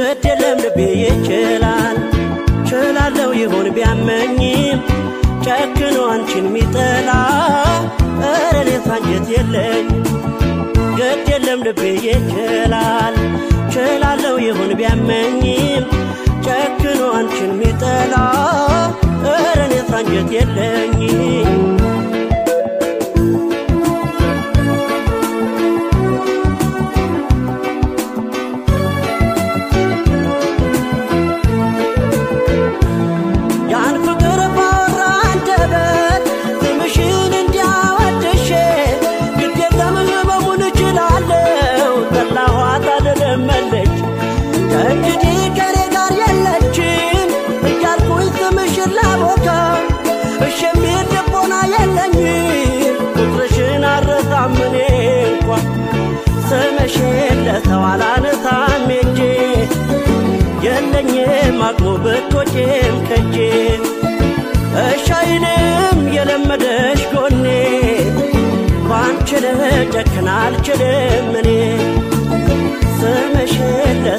ግድ የለም ልቤ ይችላል ችላለው ይሆን ቢያመኝም ጨክኖ አንቺን ሚጠላ ረሌት አንጀት የለኝ ግድ የለም ልቤ ይችላል ችላለው ይሆን ቢያመኝም ጨክኖ አንቺን ሚጠላ ረኔት አንጀት የለኝ በምሽት ላቦካ እሽ የሚል ልቦና የለኝ ቁጥርሽን አረሳም እኔ እንኳን ስምሽን ለሰው አላነሳም እጄ የለኝም አቅሙ ብትወጪም ከጄ የለመደሽ ጎኔ ባንቺ ልጨክን አልችልም እኔ